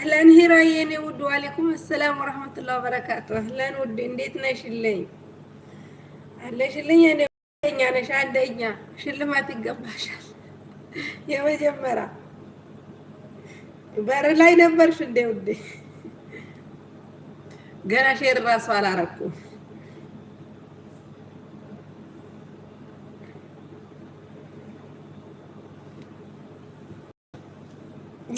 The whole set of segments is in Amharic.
አህለን ሂራ የኔ ውድ ዋሌኩም አሰላም ወረህመቱላሂ ወበረካቱ። አህለን ውድ እንዴት ነሽልኝ? አለሽልኝ አንደኛ ነሽ፣ አንደኛ ሽልማት ይገባሻል። የመጀመሪያ በር ላይ ነበርሽ እንደ ውዴ ገና ሼር እራሱ አላረኩም።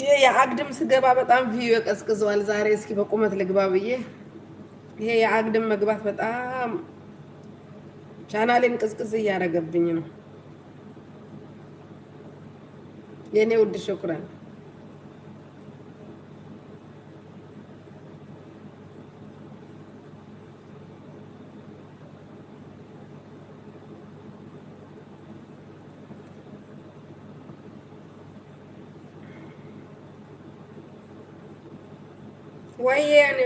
ይሄ የአግድም ስገባ በጣም ቪዩ ቀዝቅዘዋል ዛሬ። እስኪ በቁመት ልግባ ብዬ ይሄ የአግድም መግባት በጣም ቻናሌን ቅዝቅዝ እያደረገብኝ ነው። የእኔ ውድ ሹክራን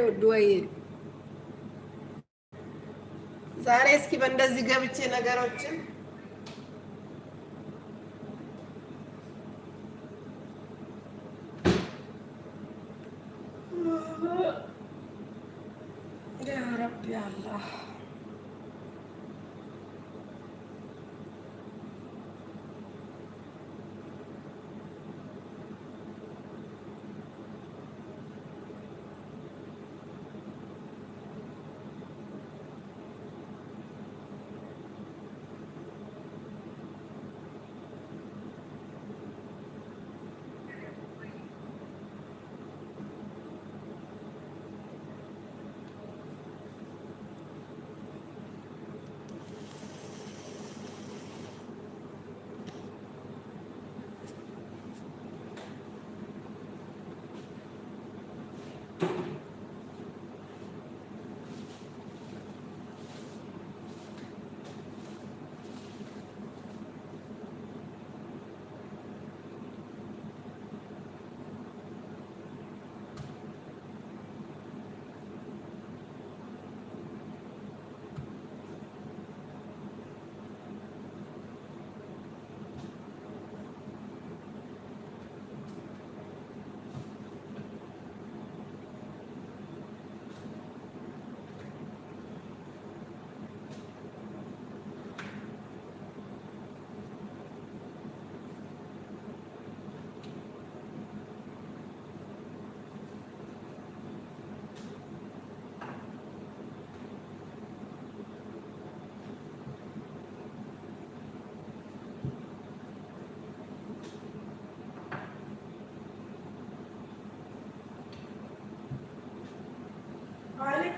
ውድ ወይ ዛሬ እስኪ በእንደዚህ ገብቼ ነገሮችን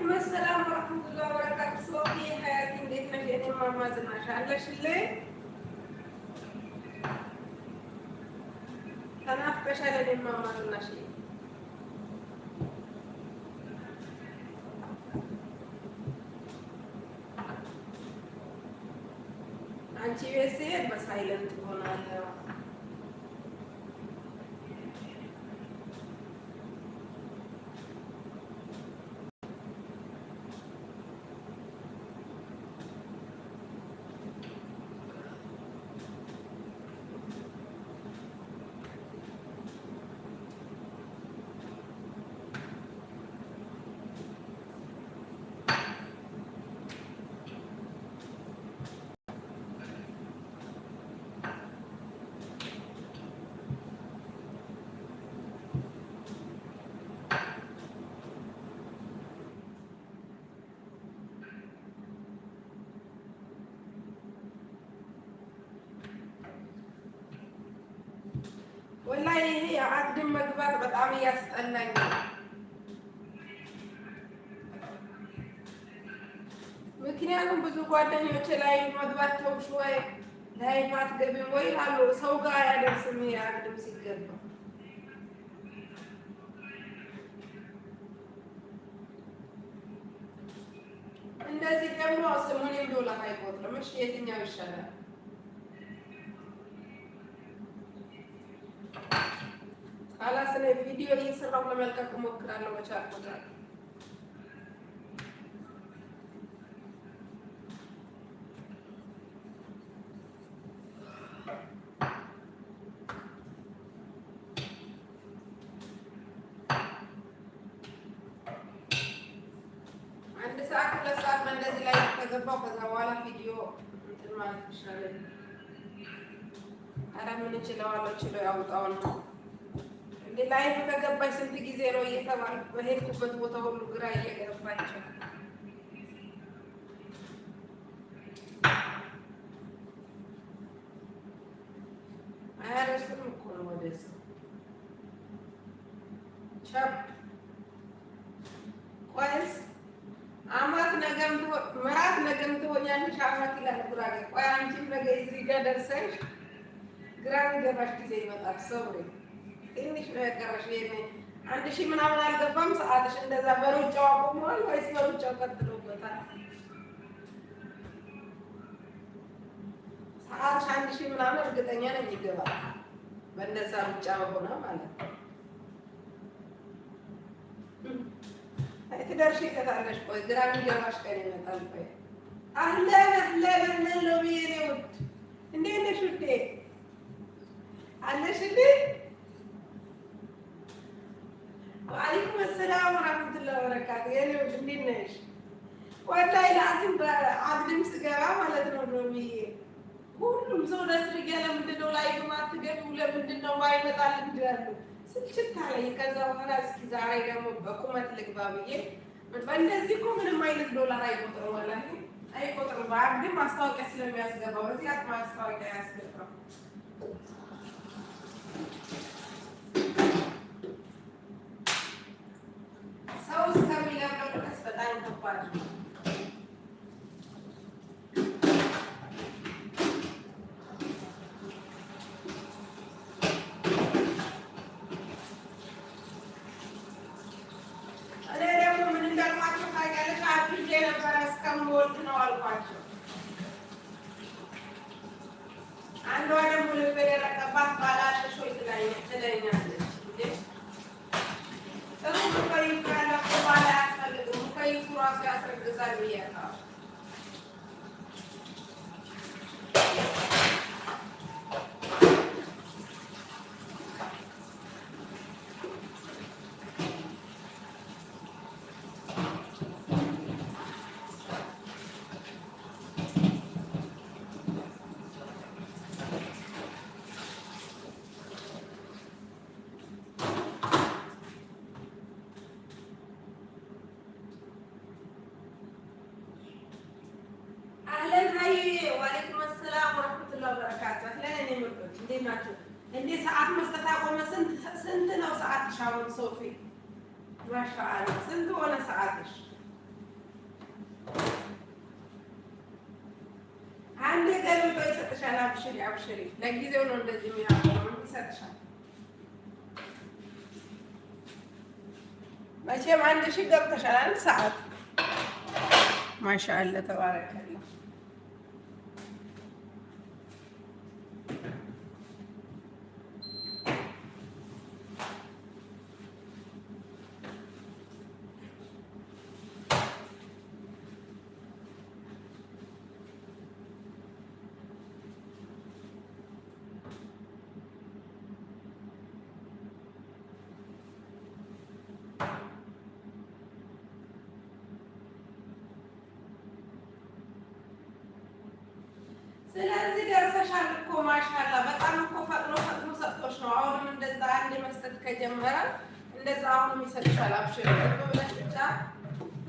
አለይኩም ሰላም ወረህመቱላሂ ወበረካቱ። ሶፊ ሀያቲ እንዴት ነሽ? የት ዝናሽ አለሽልኝ? ተናፍቀሻል። የት ዝናሽ አንቺ ቤት ስሄድ በሳይለንት አግድም መግባት በጣም እያስጠላኝ ነው። ምክንያቱም ብዙ ጓደኞች ላይ መግባት ተውሽ ወይ ላይፍ አትገቢም ወይ ይላሉ። ሰው ጋር አያደርስም። አግድም ሲገባ እንደዚህ ደግሞ ስሙን ዶላር አይቆጥርም። እሺ የትኛው ይሻላል? ካላስ ላይ ቪዲዮ እየሰራው ለመልቀቅ እሞክራለሁ። በቻል ቦታ አንድ ሰዓት ሁለት ሰዓት በእንደዚህ ላይ ተገባው። ከዛ በኋላ ቪዲዮ እንትን ማለት ይሻላል። ኧረ ምን እችለዋለሁ? ችሎ ያውጣው ነው ላይፍ ከገባች ስንት ጊዜ ነው እየተባልኩ በሄድኩበት ቦታ ሁሉ ግራ እየገባቸው አያረስም እኮ ነው ወደዚህ ቆይስ አማት ነገም ምራት ነገም ትሆኛለሽ አማት ይላል ጉራጌ ቆይ አንቺም ነገ እዚህ ጋር ደርሰሽ ግራ የሚገባሽ ጊዜ ይመጣል ሰው ትንሽ ነው የቀረሽ። አንድ ሺህ ምናምን አልገባም ሰዓትሽ። እንደዛ በሩጫው አቁመዋል ወይስ በሩጫው ቀጥሎበታል? ሰዓትሽ አንድ ሺህ ምናምን እርግጠኛ ነኝ ይገባል። በእነዛ ሩጫ በሆነ ማለት ነው። ትደርሽ ይቀታለሽ። ቆይ ግራ የሚገባሽ ቀን ይመጣል። ቆይ አህለን አህለን አህለን ብዬ ነው እንዴት ነሽ ውዴ? አለሽ አለይኩም አሰላም ወራህመቱላሂ ወበረካቱህ። የኔ ወድ እንዴት ነሽ? ወላሂ ለአዚም በአግድም ስገባ ማለት ነው ሎሚዬ ሁሉም ሰው ለስርጌ ለምንድን ነው ላይ ማትገቢው? ለምንድን ነው ማይመጣል? እንዲያሉ ስልችታ ላይ ከዛ በኋላ እስኪ ዛሬ ደግሞ በቁመት ልግባ ብዬ በእንደዚህ እኮ ምንም አይነት ዶላር አይቆጥርም፣ ወላሂ አይቆጥርም። በአግድም ማስታወቂያ ስለሚያስገባው በዚህ ማስታወቂያ ያስገባው પાંચમું Então, vamos para o para kayıp Murat Yasir Özel bir yer var. ዋሌኩም ሰላም ወረህመቱላሂ ወበረካቱህ። አህለን ምርጦች እንዴት ናቸው? እንዴ ሰዓት መስጠት አቆመ። ስንት ነው ሰዓትሽ? አሁን ሶፊ ማሻአላህ ስንት ሆነ ሰዓትሽ? አንዴ ገልብጦ ይሰጥሻል። አብሽሪ አብሽሪ። ለጊዜው ነው እንደዚህ የሚያቆመው ይሰጥሻል። መቼም አንድ ሺህ ገብተሻል። አንድ ሰዓት ማሻአላህ ተባረከላህ። ማሻላ በጣም እኮ ፈጥኖ ፈጥኖ ሰጥቶች ነው። አሁንም እንደዛ አንድ መስጠት ከጀመረ እንደዛ አሁንም ይሰጥሻል። አብሽር ብቻ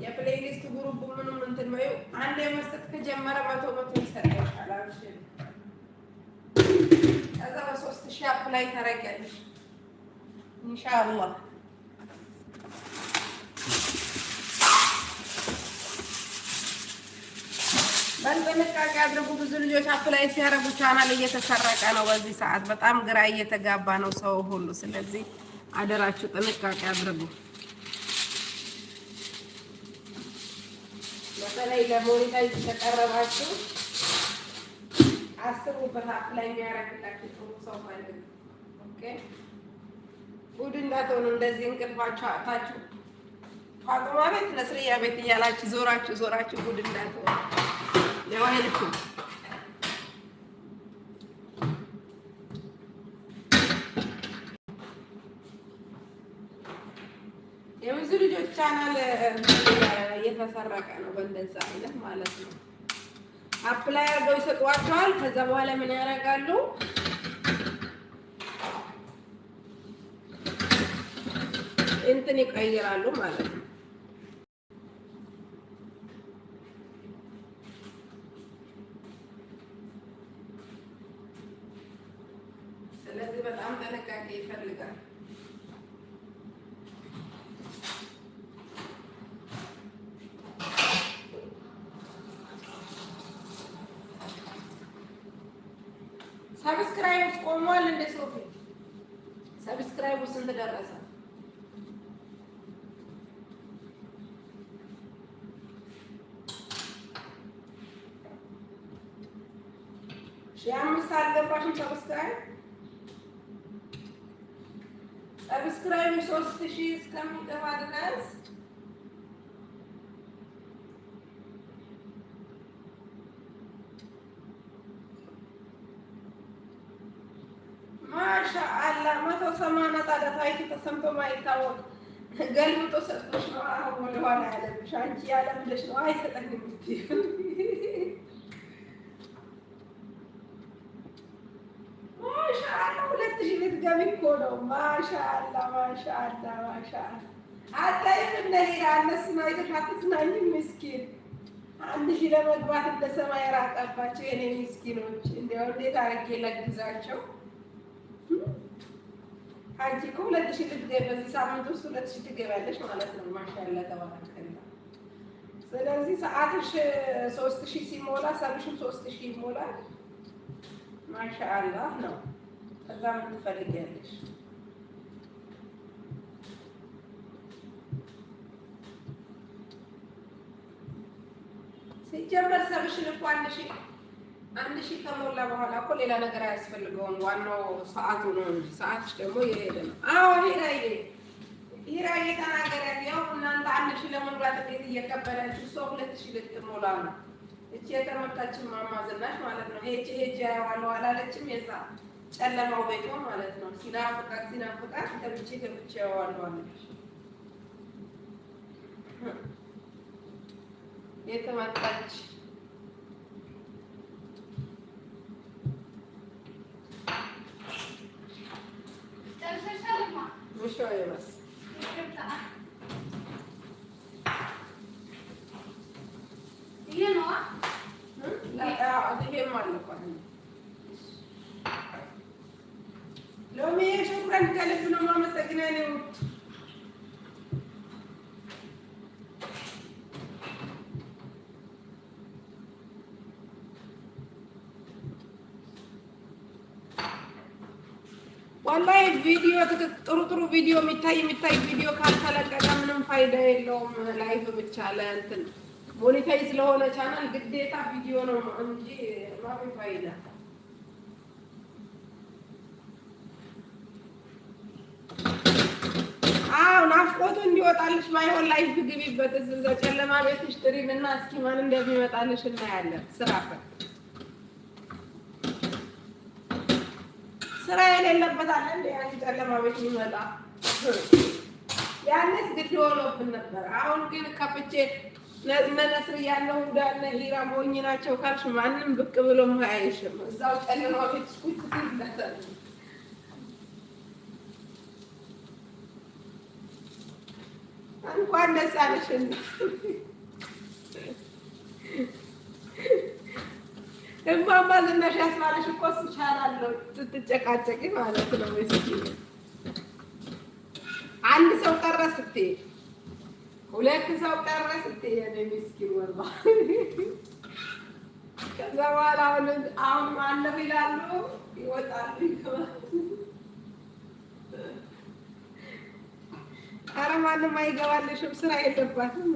የፕሌሊስት ጉሩቡ ምንም እንትን በይው። አንድ መስጠት ከጀመረ መቶ መቶ ይሰጥሻል። አብሽር ከዛ በሶስት ሺህ አፕላይ ታረጊያለሽ ኢንሻአላህ። በጥንቃቄ አድርጉ። ብዙ ልጆች አፕላይ ሲያደርጉ ቻናል እየተሰረቀ ነው። በዚህ ሰዓት በጣም ግራ እየተጋባ ነው ሰው ሁሉ። ስለዚህ አደራችሁ ጥንቃቄ አድርጉ። በተለይ ለሞኒታይዝ ተቀረባችሁ አስቡበት። አፕላይ የሚያደርግላችሁ ጥሩ ሰው ፈልጉ። ኦኬ እንዳትሆኑ። እንደዚህ እንቅልፋችሁ አታችሁ ፋጡማ ቤት፣ ነስርያ ቤት እያላችሁ ዞራችሁ ዞራችሁ ቡድ እንዳትሆኑ ለዋሄልኩ የብዙ ልጆች ቻናል እየተሰረቀ ነው። በእንደዛ አይነት ማለት ነው። አፕላይ አድርገው ይሰጧቸዋል። ከዛ በኋላ ምን ያደርጋሉ? እንትን ይቀይራሉ ማለት ነው። ስለዚህ በጣም ጥንቃቄ ይፈልጋል። ሰብስክራይብ ቆሟል። እንደ ሶፊ ሰብስክራይቡ ስንት ደረሰ? ተሰማ መጣዳ ታይቱ ተሰምቶ ማይታወቅ ገልብጦ ሰጥቶሽ ነው። አሁን ወደኋላ ያለብሽ አንቺ ያለምለሽ ነው። አይሰጠኝም ማሻአላ ሁለት ሺህ ልትገቢ እኮ ነው። ማሻአላ ማሻአላ ማሻአላ አታይም እንደ እነሱን አይተሽ አትዝናኝም። ምስኪን አንድ ሺህ ለመግባት እንደ ሰማይ ራቀባቸው የኔ ምስኪኖች። እንዲያው እንዴት አድርጌ ለግዛቸው አንቺ እኮ ሁለት ሺህ ልትገቢ በዚህ ሳምንት ውስጥ ሁለት ሺህ ትገቢያለሽ ማለት ነው። ማሻላ ተባረክ። ስለዚህ ሰዓትሽ ሶስት ሺህ ሲሞላ ሰብሽም ሶስት ሺህ ይሞላል። ማሻአላ ነው። ከዛ ምን ትፈልጊያለሽ? ሲጀመር ሰብሽን እኮ አንድ ሺህ አንድ ሺህ ከሞላ በኋላ እኮ ሌላ ነገር አያስፈልገውም። ዋናው ሰዓቱ ነው እንጂ ሰዓትሽ ደግሞ የሄደ ነው። አዎ ሂራዬ ሂራዬ ተናገሪያት። ያው እናንተ አንድ ሺህ ለመሙላት እንዴት እየከበዳችሁ ሰው ሁለት ሺህ ልትሞላ ነው። እቺ የተመታችን ማማዝናሽ ማለት ነው። ሄጅ ሄጅ ያየዋለሁ አላለችም። የዛ ጨለማው ቤቷ ማለት ነው። ሲናፍቃት ሲናፍቃት ገብቼ ገብቼ ያየዋለሁ አለች። የተመታች をいます ኦንላይ ቪዲዮ ጥሩ ጥሩ ቪዲዮ የሚታይ የሚታይ ቪዲዮ ካልተለቀቀ ምንም ፋይዳ የለውም። ላይፍ ብቻ ለእንትን ሞኒታይ ስለሆነ ቻናል ግዴታ ቪዲዮ ነው እንጂ ማፊ ፋይዳ አዎ ናፍቆቱ እንዲወጣልሽ ማይሆን ላይፍ ግቢበት። እዛ ጨለማ ቤትሽ ጥሪን እና እስኪ ማን እንደሚመጣልሽ እናያለን። ስራ ፈ ስራ የሌለበታል እንደ ያን ጨለማ ቤት የሚመጣ ያንስ ግድ ሆኖብን ነበር። አሁን ግን ከፍቼ መነስር ያለው ዳነ ኢራም ሆኜ ናቸው ካልሽ ማንም ብቅ ብሎ አያይሽም። እዛው ጨለማ ቤት ቁጭ ትይለታል። እንኳን ደስ አለሽ። እማማ ልመሽ ያስባለሽ እኮ እችላለሁ ስትጨቃጨቂ ማለት ነው። አንድ ሰው ቀረ ስትይ፣ ሁለት ሰው ቀረ ስትይ የእኔ ምስኪን ወርባ። ከዛ በኋላ አሁን አለሁ ይላሉ ይወጣሉ። ኧረ ማንም አይገባልሽም ስራ የለባትም።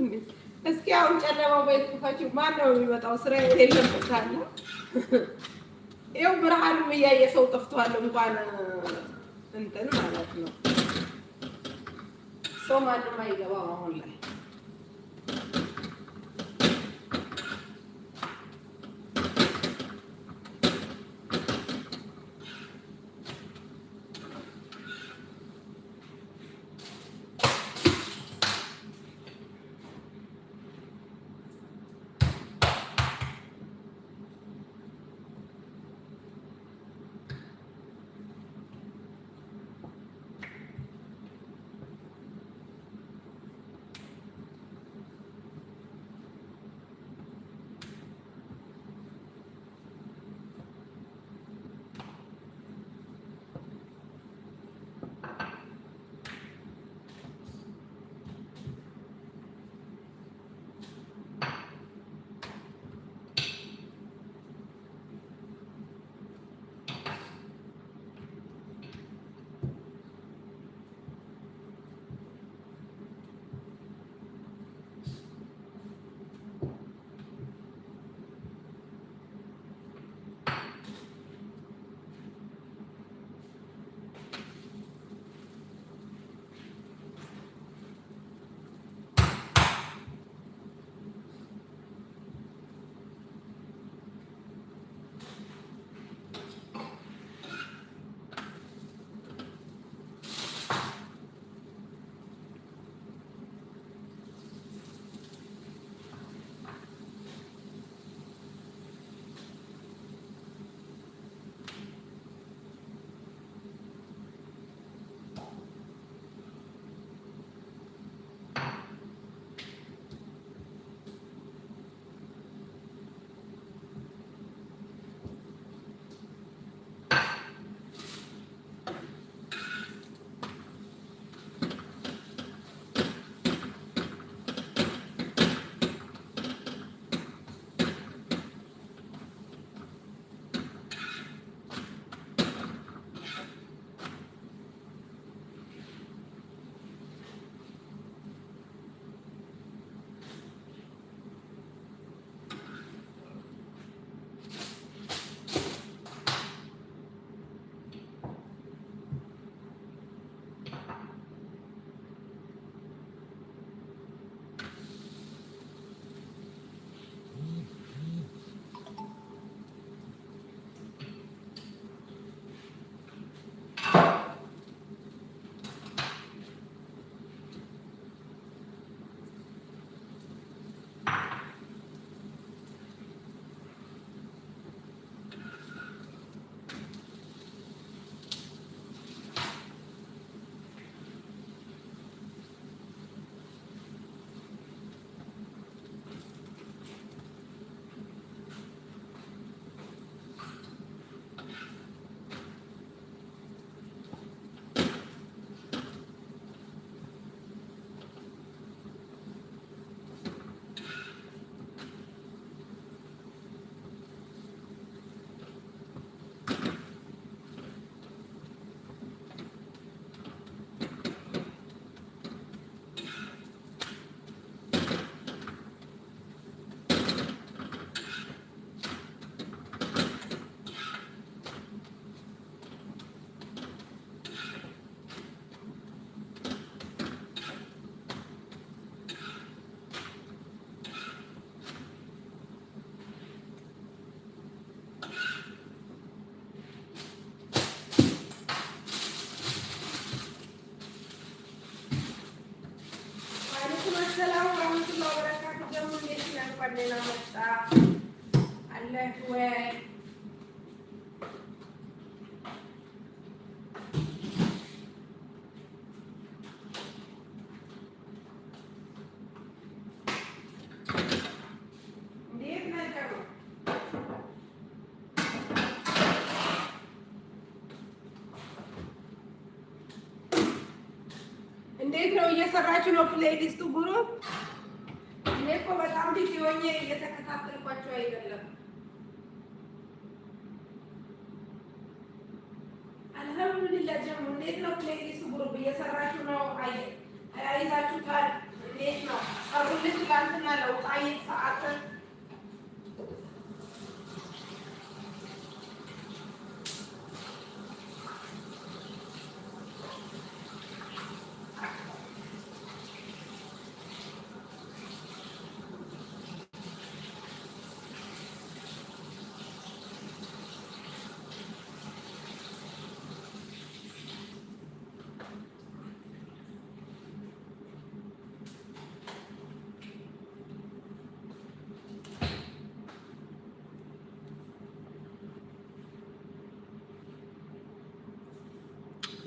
እስኪ አሁን ጨለማ ቤት ክፈችው። ማን ነው የሚመጣው? ስራ የለም ካለ ይኸው ብርሃኑም እያየ ሰው ጠፍቷል። እንኳን እንትን ማለት ነው ሰው ማንም አይገባም አሁን ላይ እንዴት ነው እየሰራችሁ ነው? ፕሌሊስቱ ጉሩ። እኔ እኮ በጣም ቢዚ ሆኜ እየተከታተልኳቸው አይደለም።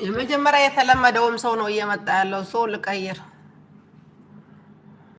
የመጀመሪያ የተለመደውም ሰው ነው እየመጣ ያለው ሰው ልቀይር